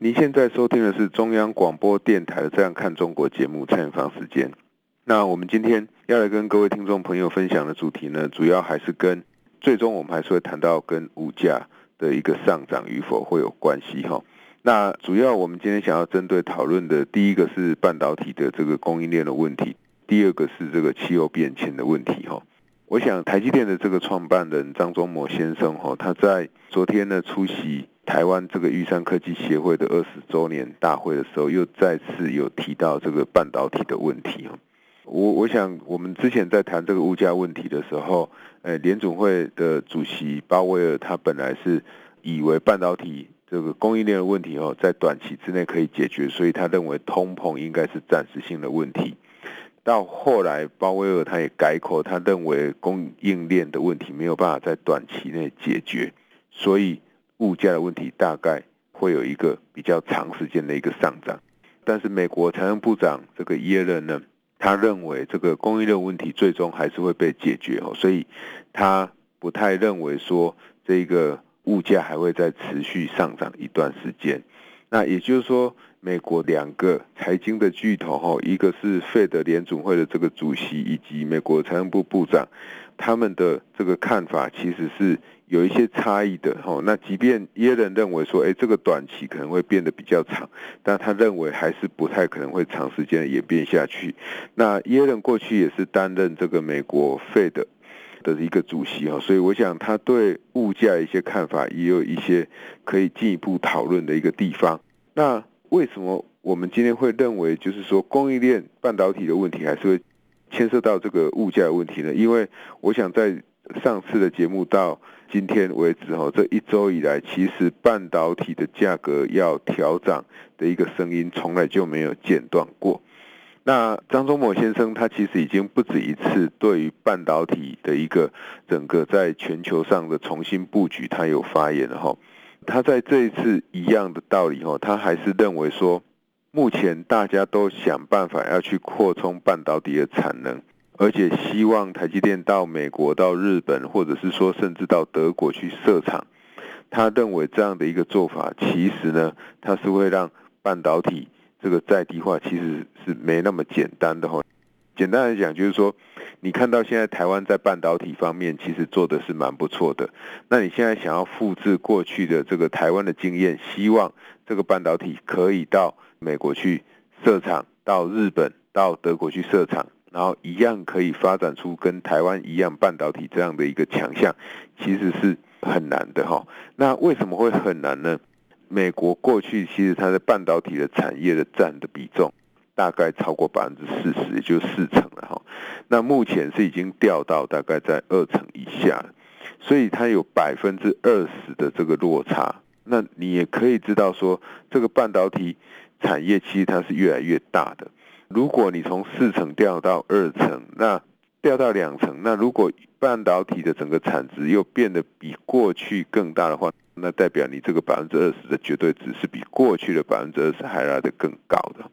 您現在收聽的是中央廣播電台的《這樣看中國》節目，蔡明芳時間。那我們今天要來跟各位聽眾朋友分享的主題呢，主要還是跟最終我們還是會談到跟物價的一個上漲與否會有關係哈。那主要我們今天想要針對討論的第一個是半導體的這個供應鏈的問題，第二個是這個氣候變遷的問題哈。我想台積電的這個創辦人張忠謀先生哈，他在昨天呢出席。台灣這個玉山科技協會的二十周年大會的時候，又再次有提到這個半導體的問題我我想我們之前在談這個物價問題的時候，誒、欸，聯準會的主席鮑威爾他本來是以為半導體這個供應鏈的問題哦，在短期之內可以解決，所以他認為通膨應該是暫時性的問題。到後來鮑威爾他也改口，他認為供應鏈的問題沒有辦法在短期內解決，所以。物價的問題大概會有一個比較長時間的一個上漲，但是美國財政部長這個耶倫呢，他認為這個供應鏈問題最終還是會被解決哦，所以他不太認為說這個物價還會再持續上漲一段時間，那也就是說。美國兩個財經的巨頭，一個是 Fed 聯準會的這個主席，以及美國財政部部長，他們的這個看法其實是有一些差異的，那即便耶倫認為說，哎，這個短期可能會變得比較長，但他認為還是不太可能會長時間的演變下去。那耶倫過去也是擔任這個美國 Fed 的一個主席，所以我想他對物價的一些看法也有一些可以進一步討論的一個地方。那為什麼我們今天會認為，就是說供應鏈半導體的問題還是會牽涉到這個物價的問題呢？因為我想在上次的節目到今天為止，哈，這一周以來，其實半導體的價格要調漲的一個聲音從來就沒有間斷過。那張忠謀先生他其實已經不止一次對於半導體的一個整個在全球上的重新布局，他有發言，哈。他在這一次一樣的道理，他還是認為說，目前大家都想辦法要去擴充半導體的產能，而且希望台積電到美國、到日本，或者是說甚至到德國去設廠。他認為這樣的一個做法，其實呢，他是會讓半導體這個在地化其實是沒那麼簡單的。簡單來講，就是說，你看到現在台灣在半導體方面其實做的是蠻不錯的。那你現在想要複製過去的這個台灣的經驗，希望這個半導體可以到美國去設廠，到日本、到德國去設廠，然後一樣可以發展出跟台灣一樣半導體這樣的一個強項，其實是很難的哈。那為什麼會很難呢？美國過去其實它的半導體的產業的占的比重，大概超過百分之四十，也就四成了哈。那目前是已經掉到大概在二成以下，所以它有百分之二十的這個落差。那你也可以知道說，這個半導體產業其實它是越來越大的。如果你從四成掉到二成，那掉到兩成，那如果半導體的整個產值又變得比過去更大的話，那代表你這個百分之二十的絕對值是比過去的百分之二十還來的更高的。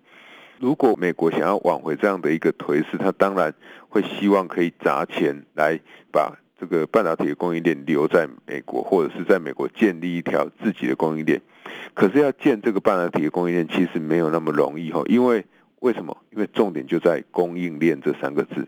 如果美國想要挽回這樣的一個頹勢，他當然會希望可以砸錢來把這個半導體的供應鏈留在美國，或者是在美國建立一條自己的供應鏈。可是要建這個半導體的供應鏈，其實沒有那麼容易，因為為什麼？因為重點就在供應鏈這三個字。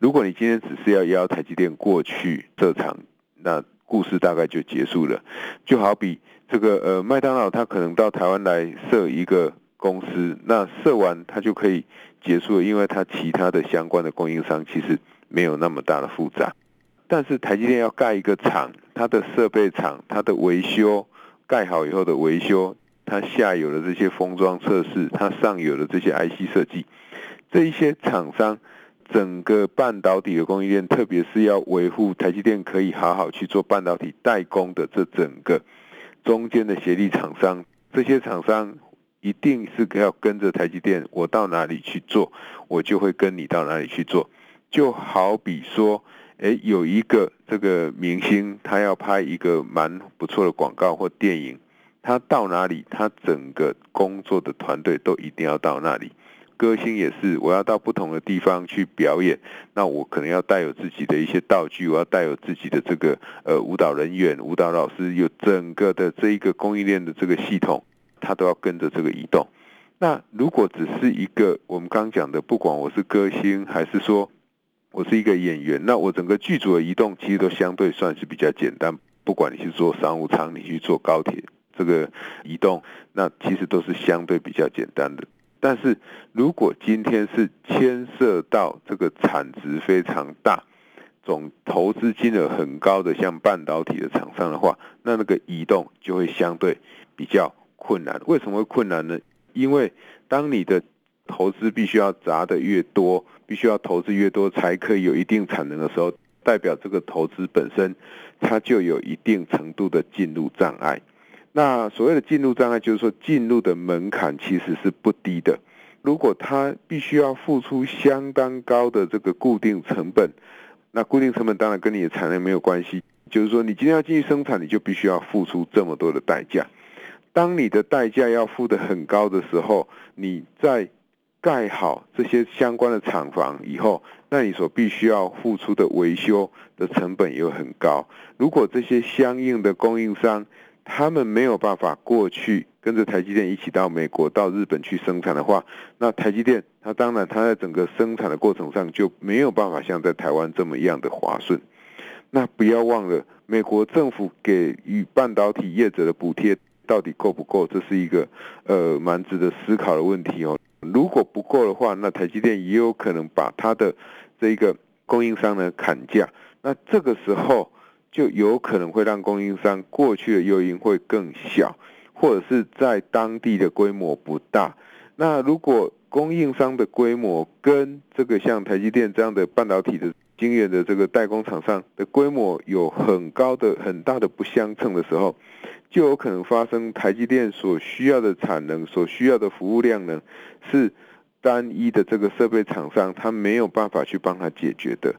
如果你今天只是要邀台積電過去設廠，那故事大概就結束了。就好比這個呃麥當勞，他可能到台灣來設一個。公司那設完，它就可以結束了，因為它其他的相關的供應商其實沒有那麼大的複雜。但是台積電要蓋一個廠，它的設備廠、它的維修，蓋好以後的維修，它下游的這些封裝測試，它上游的這些 IC 設計，這一些廠商，整個半導體的供應鏈，特別是要維護台積電可以好好去做半導體代工的這整個中間的協力廠商，這些廠商。一定是要跟着台積電，我到哪裡去做，我就會跟你到哪裡去做。就好比說，哎、欸，有一個這個明星，他要拍一個蠻不錯的廣告或電影，他到哪裡，他整個工作的團隊都一定要到那裡。歌星也是，我要到不同的地方去表演，那我可能要帶有自己的一些道具，我要帶有自己的這個呃舞蹈人員、舞蹈老師，有整個的這一個供應鏈的這個系統。他都要跟着這個移動。那如果只是一個我們剛講的，不管我是歌星還是說我是一個演員，那我整個劇組的移動其實都相對算是比較簡單。不管你去坐商務艙，你去坐高鐵，這個移動，那其實都是相對比較簡單的。但是如果今天是牽涉到這個產值非常大、總投資金額很高的，像半導體的廠商的話，那那個移動就會相對比較困難，為什麼會困難呢？因為當你的投資必須要砸得越多，必須要投資越多才可以有一定產能的時候，代表這個投資本身它就有一定程度的進入障礙。那所謂的進入障礙，就是說進入的門檻其實是不低的。如果他必須要付出相當高的這個固定成本，那固定成本當然跟你的產能沒有關係，就是說你今天要進去生產，你就必須要付出這麼多的代價。當你的代價要付得很高的時候，你在蓋好這些相關的廠房以後，那你所必須要付出的維修的成本又很高。如果這些相應的供應商他們沒有辦法過去跟着台積電一起到美國、到日本去生產的話，那台積電它當然它在整個生產的過程上就沒有辦法像在台灣這麼樣的划算。那不要忘了，美國政府給予半導體業者的補貼。到底夠不夠？這是一個，呃，蠻值得思考的問題哦。如果不夠的話，那台積電也有可能把它的這個供應商呢砍價。那這個時候就有可能會讓供應商過去的誘因會更小，或者是在當地的規模不大。那如果供應商的規模跟這個像台積電這樣的半導體的。晶圓的這個代工廠商的規模有很高的、很大的不相稱的時候，就有可能發生台積電所需要的產能、所需要的服務量呢，是單一的這個設備廠商他沒有辦法去幫他解決的。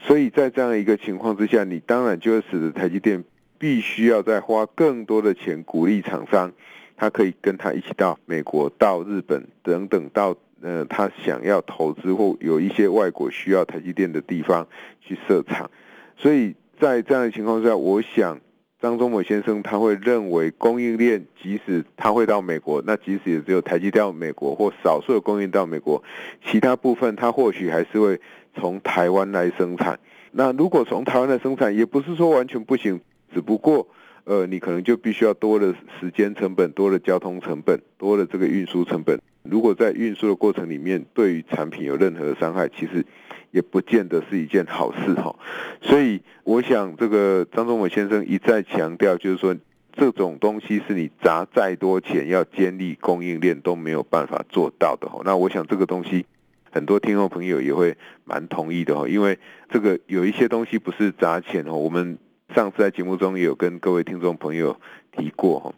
所以在這樣一個情況之下，你當然就會使得台積電必須要再花更多的錢鼓勵廠商，他可以跟他一起到美國、到日本等等到。呃，他想要投資或有一些外國需要台積電的地方去設廠，所以在這樣的情況下，我想張忠謀先生他會認為供應鏈即使他會到美國，那即使也只有台積電到美國或少數的供應到美國，其他部分他或許還是會從台灣來生產。那如果從台灣來生產，也不是說完全不行，只不過呃，你可能就必須要多了時間成本、多了交通成本、多了這個運輸成本。如果在運輸的過程裡面，對於產品有任何的傷害，其實也不見得是一件好事哈。所以，我想這個張忠謀先生一再強調，就是說這種東西是你砸再多錢要建立供應鏈都沒有辦法做到的哈。那我想這個東西很多聽眾朋友也會蠻同意的哈，因為這個有一些東西不是砸錢哈。我們上次在節目中也有跟各位聽眾朋友提過哈。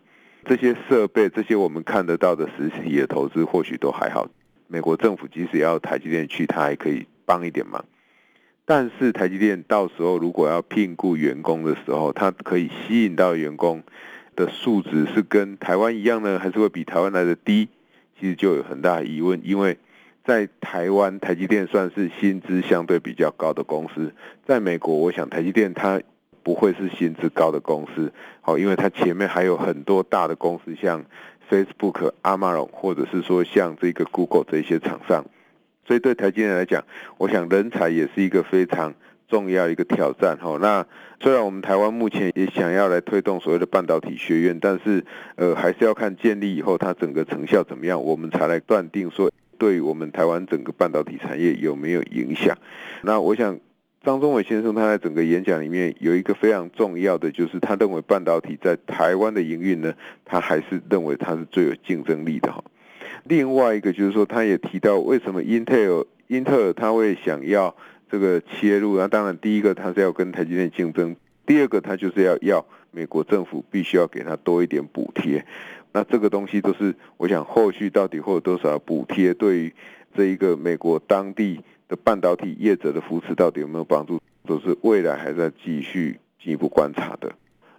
這些設備，這些我們看得到的實體的投資，或許都還好。美國政府即使要台積電去，它還可以幫一點忙。但是台積電到時候如果要聘僱員工的時候，它可以吸引到員工的素質是跟台灣一樣呢，還是會比台灣來的低？其實就有很大疑問，因為在台灣台積電算是薪資相對比較高的公司，在美國，我想台積電它。不會是薪資高的公司，好，因為它前面還有很多大的公司，像 Facebook、Amazon，或者是說像這個 Google 這些廠商，所以對台積電來講，我想人才也是一個非常重要一個挑戰。吼，那雖然我們台灣目前也想要來推動所謂的半導體學院，但是呃，還是要看建立以後它整個成效怎麼樣，我們才來斷定說對我們台灣整個半導體產業有沒有影響。那我想。張忠謀先生，他在整個演講裡面有一個非常重要的，就是他認為半導體在台灣的營運呢，他還是認為它是最有競爭力的哈。另外一個就是說，他也提到為什麼 Intel Intel 他會想要這個切入，那當然第一個他是要跟台積電競爭，第二個他就是要要美國政府必須要給他多一點補貼。那這個東西都是我想後續到底會有多少補貼，對於這一個美國當地。的半導體業者的扶持到底有沒有幫助，都是未來還在繼續進一步觀察的。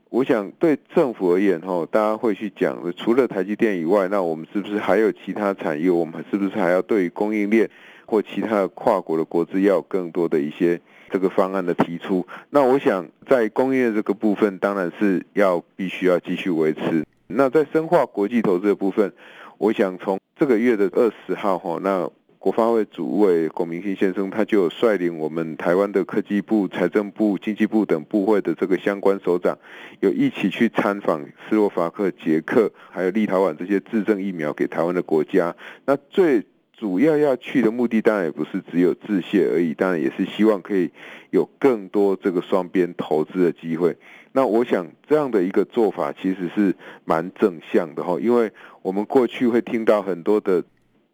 我想對政府而言，哈，大家會去講的，除了台積電以外，那我們是不是還有其他產業？我們是不是還要對於供應鏈或其他跨國的國資要有更多的一些這個方案的提出？那我想在工業這個部分，當然是要必須要繼續維持。那在深化國際投資的部分，我想從這個月的二十號，哈，那。國發會主委龔明鑫先生，他就率領我們臺灣的科技部、財政部、經濟部等部會的這個相關首長，有一起去參訪斯洛伐克、捷克，還有立陶宛這些致贈疫苗給臺灣的國家。那最主要要去的目的，當然也不是只有致謝而已，當然也是希望可以有更多這個雙邊投資的機會。那我想這樣的一個做法，其實是蠻正向的哈，因為我們過去會聽到很多的。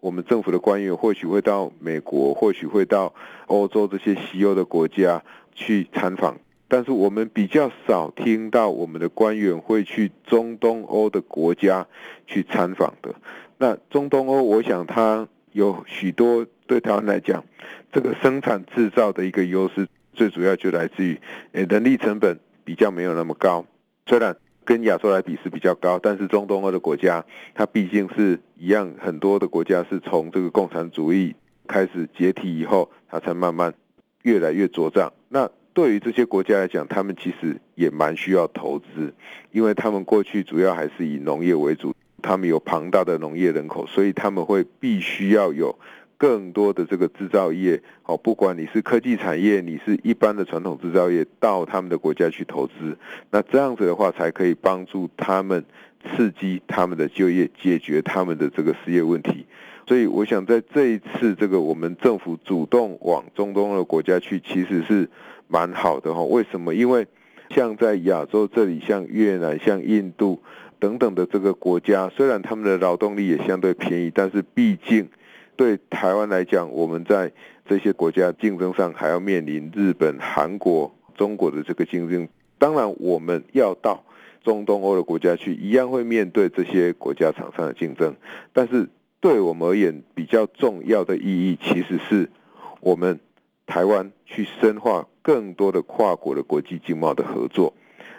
我們政府的官員或許會到美國，或許會到歐洲這些西歐的國家去參訪，但是我們比較少聽到我們的官員會去中東歐的國家去參訪的。那中東歐，我想它有許多對台灣來講，這個生產製造的一個優勢，最主要就來自於誒人力成本比較沒有那麼高。雖然。跟亞洲來比是比較高，但是中東歐的國家，它畢竟是一樣，很多的國家是從這個共產主義開始解體以後，它才慢慢越來越茁壯。那對於這些國家來講，他們其實也蠻需要投資，因為他們過去主要還是以農業為主，他們有龐大的農業人口，所以他們會必須要有更多的這個製造業，哦，不管你是科技產業，你是一般的傳統製造業，到他們的國家去投資，那這樣子的話，才可以幫助他們刺激他們的就業，解決他們的這個失業問題。所以，我想在這一次這個我們政府主動往中東的國家去，其實是蠻好的哈。為什麼？因為像在亞洲這裡，像越南、像印度等等的這個國家，雖然他們的勞動力也相對便宜，但是畢竟。對台灣來講，我們在這些國家競爭上還要面臨日本、韓國、中國的這個競爭。當然，我們要到中東歐的國家去，一樣會面對這些國家廠商的競爭。但是，對我們而言，比較重要的意義，其實是我們台灣去深化更多的跨國的國際經貿的合作。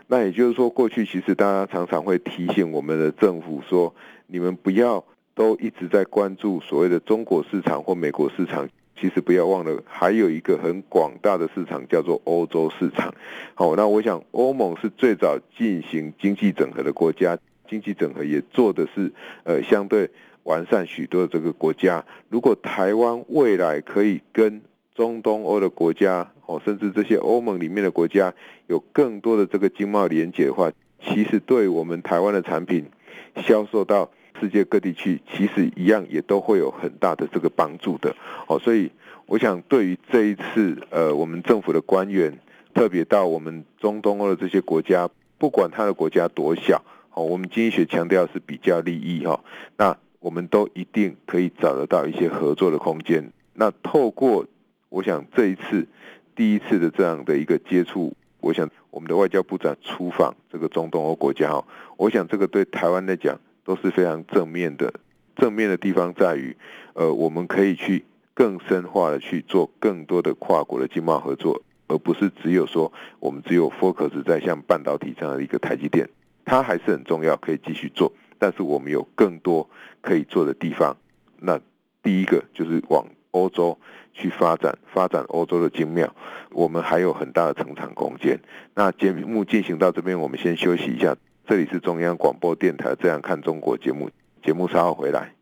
那也就是說，過去其實大家常常會提醒我們的政府說：“你們不要……”都一直在關注所謂的中國市場或美國市場，其實不要忘了，還有一個很廣大的市場叫做歐洲市場。好，那我想歐盟是最早進行經濟整合的國家，經濟整合也做的是呃相對完善許多的這個國家。如果台灣未來可以跟中東歐的國家，哦，甚至這些歐盟裡面的國家有更多的這個經貿連結的話，其實對我們台灣的產品銷售到。世界各地區，其實一樣也都會有很大的這個幫助的。所以我想對於這一次呃，我們政府的官員特別到我們中東歐的這些國家，不管他的國家多小，我們經濟學強調是比較利益哈。那我們都一定可以找得到一些合作的空間。那透過我想這一次第一次的這樣的一個接觸，我想我們的外交部長出訪這個中東歐國家哈，我想這個對台灣來講。都是非常正面的，正面的地方在於，呃，我們可以去更深化的去做更多的跨國的經貿合作，而不是只有說我們只有 focus 在像半導體這樣的一個台積電，它還是很重要，可以繼續做。但是我們有更多可以做的地方。那第一個就是往歐洲去發展，發展歐洲的經貿，我們還有很大的成長空間。那節目進行到這邊，我們先休息一下。這裡是中央廣播電台《這樣看中國》節目，節目稍後回來。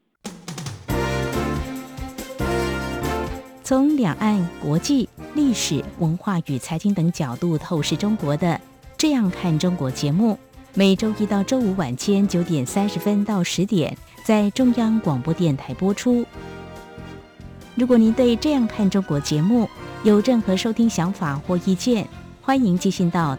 從兩岸、國際、歷史、文化與財經等角度透視中國的《這樣看中國》節目，每周一到周五晚間九點三十分到十點，在中央廣播電台播出。如果您對《這樣看中國》節目有任何收聽想法或意見，歡迎寄信到。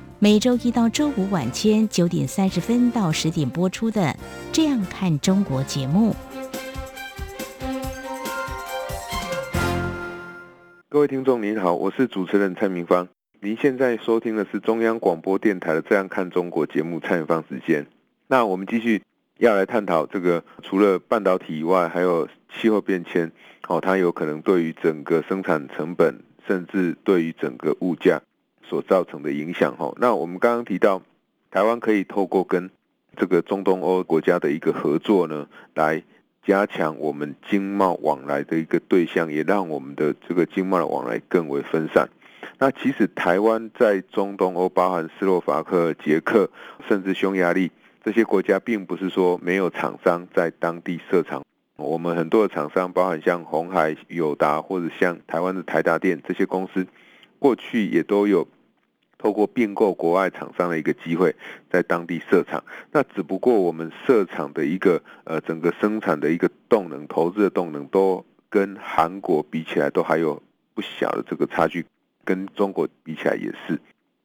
每週一到週五晚間九點三十分到十點播出的《這樣看中國》節目。各位聽眾您好，我是主持人蔡明芳。您現在收聽的是中央廣播電台的《這樣看中國》節目，蔡明芳時間。那我們繼續要來探討這個，除了半導體以外，還有氣候變遷，哦，它有可能對於整個生產成本，甚至對於整個物價。所造成的影響。那我們剛剛提到，台灣可以透過跟這個中東歐國家的一個合作呢，來加強我們經貿往來的一個對象，也讓我們的這個經貿的往來更為分散。那其實台灣在中東歐，包含斯洛伐克、捷克，甚至匈牙利這些國家，並不是說沒有廠商在當地設廠，我們很多的廠商，包含像鴻海、友達，或者像台灣的台達電這些公司，過去也都有透過併購國外廠商的一個機會，在當地設廠。那只不過我們設廠的一個呃，整個生產的一個動能、投資的動能，都跟韓國比起來都還有不小的這個差距，跟中國比起來也是。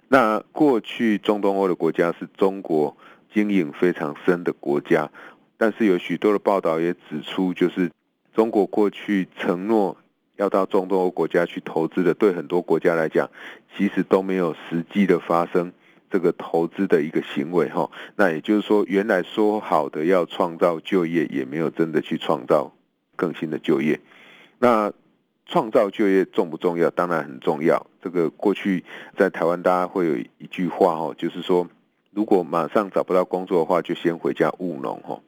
那過去中東歐的國家是中國經營非常深的國家，但是有許多的報道也指出，就是中國過去承諾。要到中東歐國家去投資的，對很多國家來講，其實都沒有實際的發生這個投資的一個行為哈。那也就是說，原來說好的要創造就業，也沒有真的去創造更新的就業。那創造就業重不重要？當然很重要。這個過去在台灣，大家會有一句話哈，就是說，如果馬上找不到工作的話，就先回家務農哈。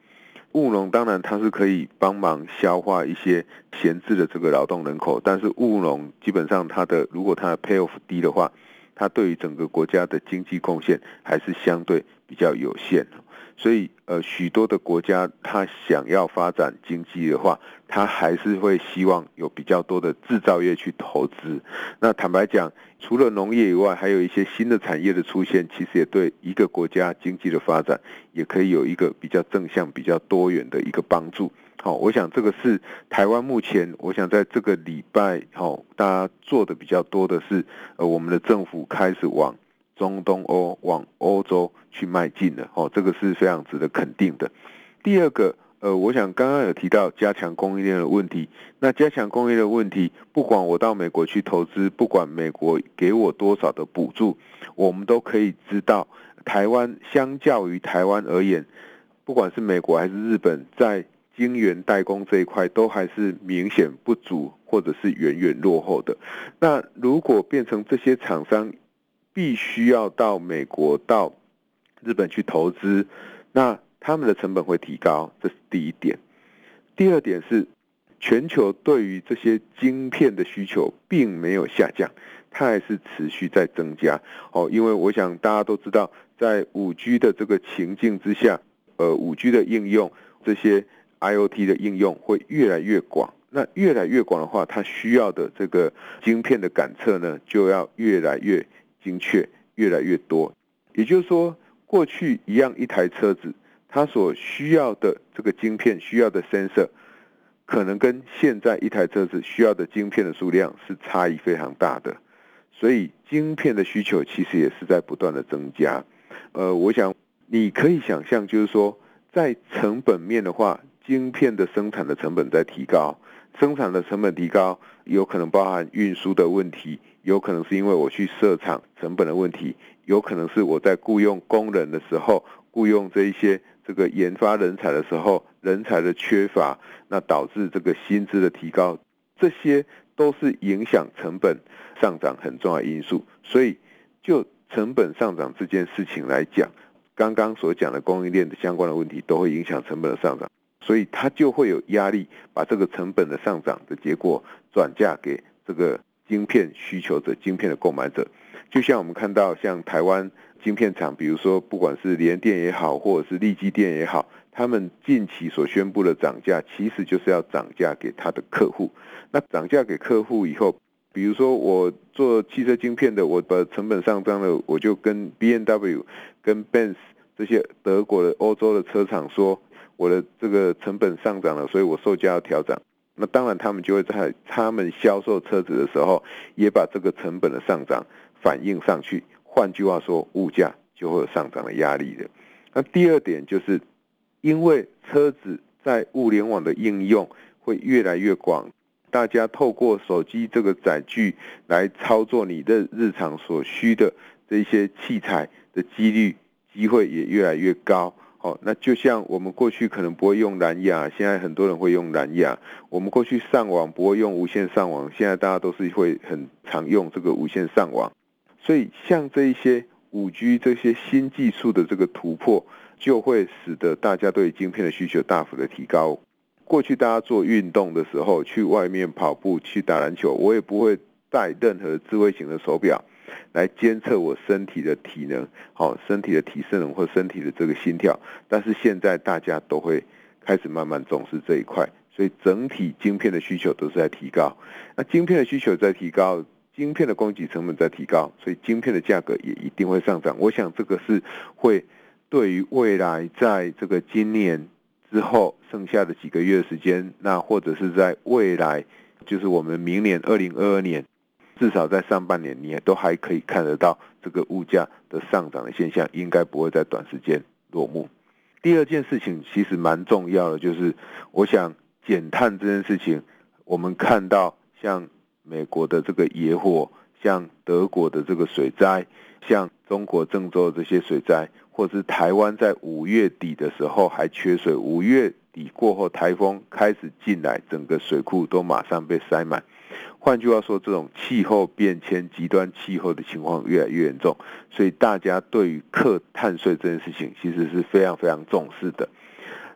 務農當然它是可以幫忙消化一些閒置的這個勞動人口，但是務農基本上它的，如果它的 payoff 低的話，它對於整個國家的經濟貢獻還是相對比較有限的。所以，呃，許多的國家，他想要發展經濟的話，他還是會希望有比較多的製造業去投資。那坦白講，除了農業以外，還有一些新的產業的出現，其實也對一個國家經濟的發展，也可以有一個比較正向、比較多元的一個幫助。好、哦，我想這個是台灣目前，我想在這個禮拜，哈、哦，大家做的比較多的是，呃，我們的政府開始往。中東歐往歐洲去邁進的哦，這個是非常值得肯定的。第二個，呃，我想剛剛有提到加強供應鏈的問題。那加強供應鏈的問題，不管我到美國去投資，不管美國給我多少的補助，我們都可以知道，台灣相較於台灣而言，不管是美國還是日本，在晶圓代工這一塊都還是明顯不足，或者是遠遠落後的。那如果變成這些廠商，必須要到美國、到日本去投資，那他們的成本會提高，這是第一點。第二點是，全球對於這些晶片的需求並沒有下降，它還是持續在增加。哦，因為我想大家都知道，在 5G 的這個情境之下，呃，5G 的應用、這些 IoT 的應用會越來越廣。那越來越廣的話，它需要的這個晶片的感測呢，就要越來越。精確越來越多，也就是說，過去一樣一台車子，它所需要的這個晶片、需要的 sensor，可能跟現在一台車子需要的晶片的數量是差異非常大的，所以晶片的需求其實也是在不斷的增加。呃，我想你可以想象，就是說在成本面的話，晶片的生產的成本在提高，生產的成本提高，有可能包含運輸的問題。有可能是因為我去設廠成本的問題，有可能是我在僱傭工人的時候，僱傭這一些這個研發人才的時候，人才的缺乏，那導致這個薪資的提高，這些都是影響成本上漲很重要的因素。所以，就成本上漲這件事情來講，剛剛所講的供應鏈的相關的問題都會影響成本的上漲，所以他就會有壓力，把這個成本的上漲的結果轉嫁給這個。晶片需求者，晶片的購買者，就像我們看到，像台灣晶片廠，比如說不管是聯電也好，或者是力積電也好，他們近期所宣布的漲價，其實就是要漲價給他的客戶。那漲價給客戶以後，比如說我做汽車晶片的，我把成本上漲了，我就跟 BMW、跟 Benz 這些德國的、歐洲的車廠說，我的這個成本上漲了，所以我售價要調整。那當然，他們就會在他們銷售車子的時候，也把這個成本的上漲反映上去。換句話說，物價就會有上漲的壓力的。那第二點就是，因為車子在物聯網的應用會越來越廣，大家透過手機這個載具來操作你的日常所需的這些器材的幾率機會也越來越高。好、哦，那就像我們過去可能不會用藍牙，現在很多人會用藍牙。我們過去上網不會用無線上網，現在大家都是會很常用這個無線上網。所以像這一些五 G 這些新技術的這個突破，就會使得大家對於晶片的需求大幅的提高。過去大家做運動的時候，去外面跑步、去打籃球，我也不會帶任何智慧型的手錶，來監測我身體的體能，好，身體的體適能或身體的這個心跳。但是現在大家都會開始慢慢重視這一塊，所以整體晶片的需求都是在提高。那晶片的需求在提高，晶片的供給成本在提高，所以晶片的價格也一定會上漲。我想這個是會對於未來在這個今年之後剩下的幾個月的時間，那或者是在未來，就是我們明年二零二二年。至少在上半年，你也都還可以看得到這個物價的上漲的現象，應該不會在短時間落幕。第二件事情其實蠻重要的，就是我想減碳這件事情，我們看到像美國的這個野火，像德國的這個水災，像中國鄭州的這些水災，或是台灣在五月底的時候還缺水，五月底過後台風開始進來，整個水庫都馬上被塞滿。換句話說，這種氣候變遷、極端氣候的情況越來越嚴重，所以大家對於課碳稅這件事情其實是非常非常重視的。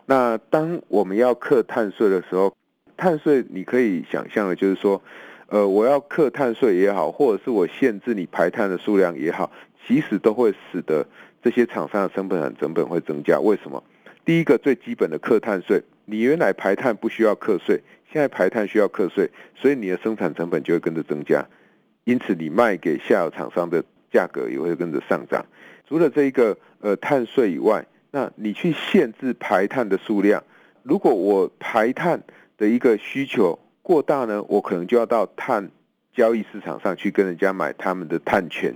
那當我們要課碳稅的時候，碳稅你可以想象的，就是說，呃，我要課碳稅也好，或者是我限制你排碳的數量也好，其實都會使得這些廠商的生產成本會增加。為什麼？第一個最基本的課碳稅，你原來排碳不需要課稅。現在排碳需要課稅，所以你的生產成本就會跟着增加，因此你賣給下游廠商的價格也會跟着上漲。除了這一個呃碳稅以外，那你去限制排碳的數量，如果我排碳的一個需求過大呢，我可能就要到碳交易市場上去跟人家買他們的碳權，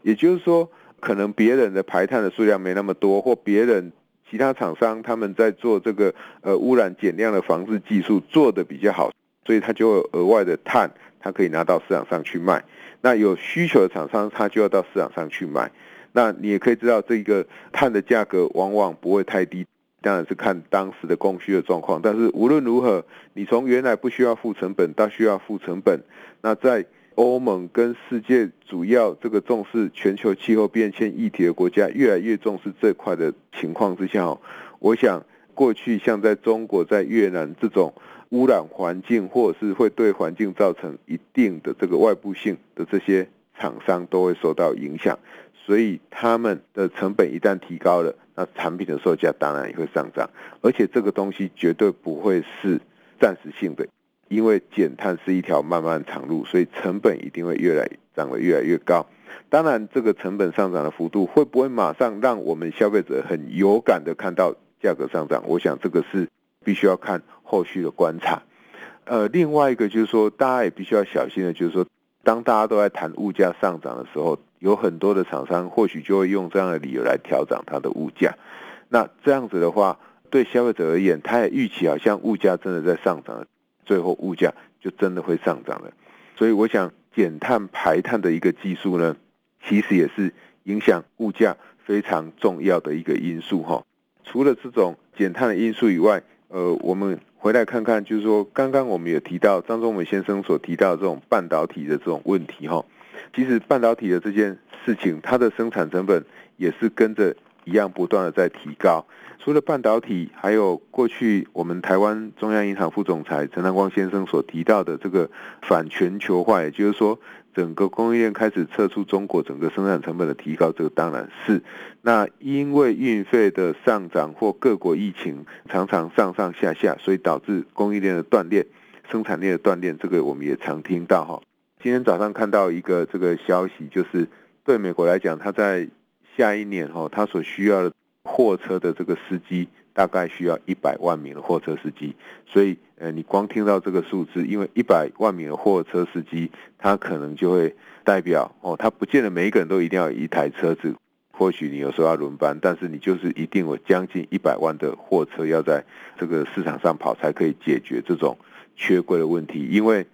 也就是說，可能別人的排碳的數量沒那麼多，或別人。其他廠商他們在做這個呃污染減量的防治技術做得比較好，所以它就有額外的碳，它可以拿到市場上去賣。那有需求的廠商，他就要到市場上去賣。那你也可以知道，這一個碳的價格往往不會太低，當然是看當時的供需的狀況。但是無論如何，你從原來不需要付成本到需要付成本，那在。歐盟跟世界主要這個重視全球氣候變遷議題的國家，越來越重視這塊的情況之下，我想過去像在中國、在越南這種污染環境或者是會對環境造成一定的這個外部性的這些廠商，都會受到影響。所以他們的成本一旦提高了，那產品的售價當然也會上漲。而且這個東西絕對不會是暫時性的。因為減碳是一條漫漫長路，所以成本一定會越來漲得越來越高。當然，這個成本上漲的幅度會不會馬上讓我們消費者很有感的看到價格上漲？我想這個是必須要看後續的觀察。呃，另外一個就是說，大家也必須要小心的，就是說，當大家都在談物價上漲的時候，有很多的廠商或許就會用這樣的理由來調漲它的物價。那這樣子的話，對消費者而言，他也預期好像物價真的在上漲。最後物價就真的會上漲了，所以我想減碳排碳的一個技術呢，其實也是影響物價非常重要的一個因素哈。除了這種減碳的因素以外，呃，我們回來看看，就是說剛剛我們有提到張忠謀先生所提到這種半導體的這種問題哈，其實半導體的這件事情，它的生產成本也是跟着。一樣不斷的在提高，除了半導體，還有過去我們台灣中央銀行副總裁陳南光先生所提到的這個反全球化，也就是說，整個供應鏈開始撤出中國，整個生產成本的提高，這個當然是。那因為運費的上漲或各國疫情常常上上下下，所以導致供應鏈的斷裂、生產鏈的斷裂，這個我們也常聽到哈。今天早上看到一個這個消息，就是對美國來講，他在。下一年哦，他所需要的貨車的這個司機大概需要一百萬名的貨車司機，所以呃，你光聽到這個數字，因為一百萬名的貨車司機，他可能就會代表哦，他不見得每一個人都一定要有一台車子，或許你有時候要輪班，但是你就是一定有將近一百萬的貨車要在這個市場上跑，才可以解決這種缺櫃的問題，因為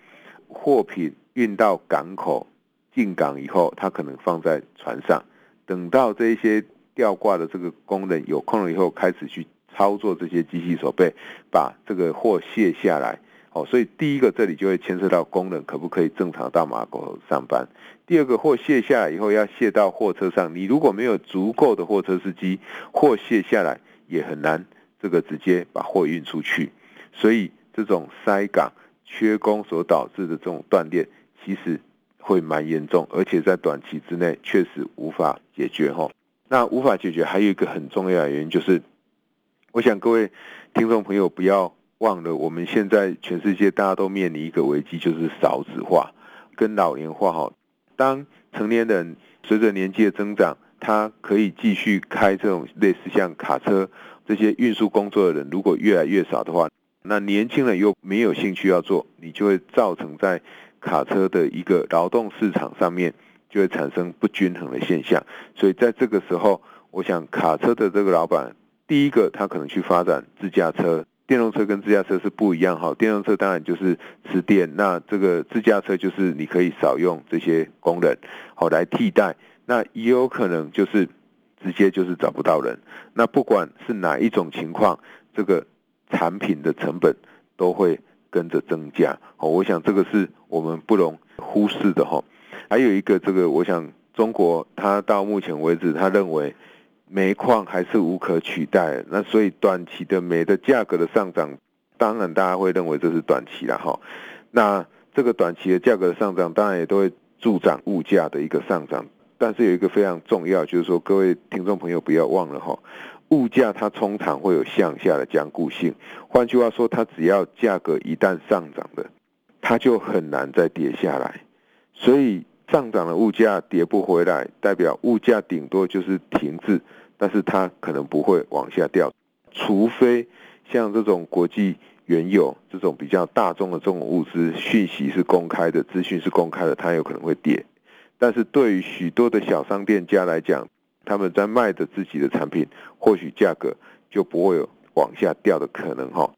貨品運到港口進港以後，它可能放在船上。等到這一些吊掛的這個工人有空了以後，開始去操作這些機器手臂，把這個貨卸下來。哦，所以第一個這裡就會牽涉到工人可不可以正常到碼頭上班；第二個，貨卸下來以後要卸到貨車上，你如果沒有足夠的貨車司機，貨卸下來也很難，這個直接把貨運出去。所以這種塞港、缺工所導致的這種斷裂其實。會蠻嚴重，而且在短期之內確實無法解決哈。那無法解決還有一個很重要的原因，就是我想各位聽眾朋友不要忘了，我們現在全世界大家都面臨一個危機，就是少子化跟老年化哈。當成年人隨着年紀的增長，他可以繼續開這種類似像卡車這些運輸工作的人，如果越來越少的話，那年輕人又沒有興趣要做，你就會造成在。卡車的一個勞動市場上面就會產生不均衡的現象，所以在這個時候，我想卡車的這個老闆，第一個他可能去發展自駕車、電動車跟自駕車是不一樣哈，電動車當然就是吃電，那這個自駕車就是你可以少用這些工人，好來替代，那也有可能就是直接就是找不到人，那不管是哪一種情況，這個產品的成本都會。跟着增加，哦，我想這個是我們不容忽視的哈。還有一個，這個我想中國它到目前為止，它認為煤礦還是無可取代。那所以短期的煤的價格的上漲，當然大家會認為這是短期了哈。那這個短期的價格的上漲，當然也都會助長物價的一個上漲。但是有一個非常重要，就是說各位聽眾朋友不要忘了哈。物價它通常會有向下的僵固性，換句話說，它只要價格一旦上漲了，它就很難再跌下來。所以上漲的物價跌不回來，代表物價頂多就是停滯，但是它可能不會往下掉。除非像這種國際原油這種比較大宗的這種物資，訊息是公開的，資訊是公開的，它有可能會跌。但是對於許多的小商店家來講，他們在賣的自己的產品，或許價格就不會有往下掉的可能哈。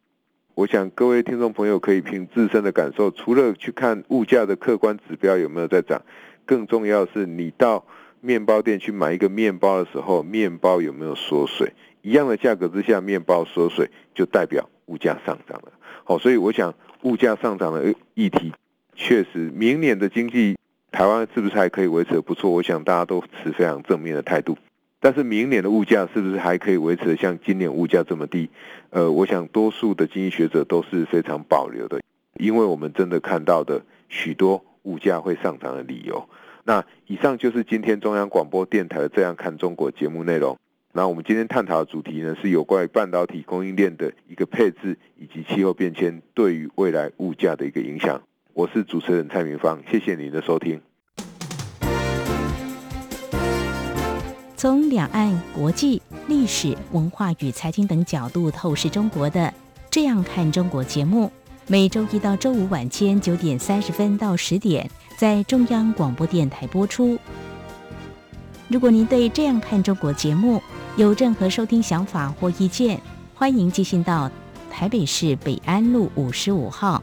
我想各位聽眾朋友可以憑自身的感受，除了去看物價的客觀指標有沒有在漲，更重要的是你到麵包店去買一個麵包的時候，麵包有沒有縮水？一樣的價格之下，麵包縮水就代表物價上漲了。好，所以我想物價上漲的議題，確實明年的經濟。台灣是不是還可以維持得不錯？我想大家都持非常正面的態度。但是明年的物價是不是還可以維持得像今年物價這麼低？呃，我想多數的經濟學者都是非常保留的，因為我們真的看到的許多物價會上漲的理由。那以上就是今天中央廣播電台的《這樣看中國》節目內容。那我們今天探討的主題呢，是有關於半導體供應鏈的一個配置，以及氣候變遷對於未來物價的一個影響。我是主持人蔡明芳，謝謝你的收聽。從兩岸國際、歷史文化與財經等角度透視中國的《這樣看中國》節目，每周一到周五晚間九點三十分到十點，在中央廣播電台播出。如果您對《這樣看中國》節目有任何收聽想法或意見，歡迎寄信到台北市北安路五十五號。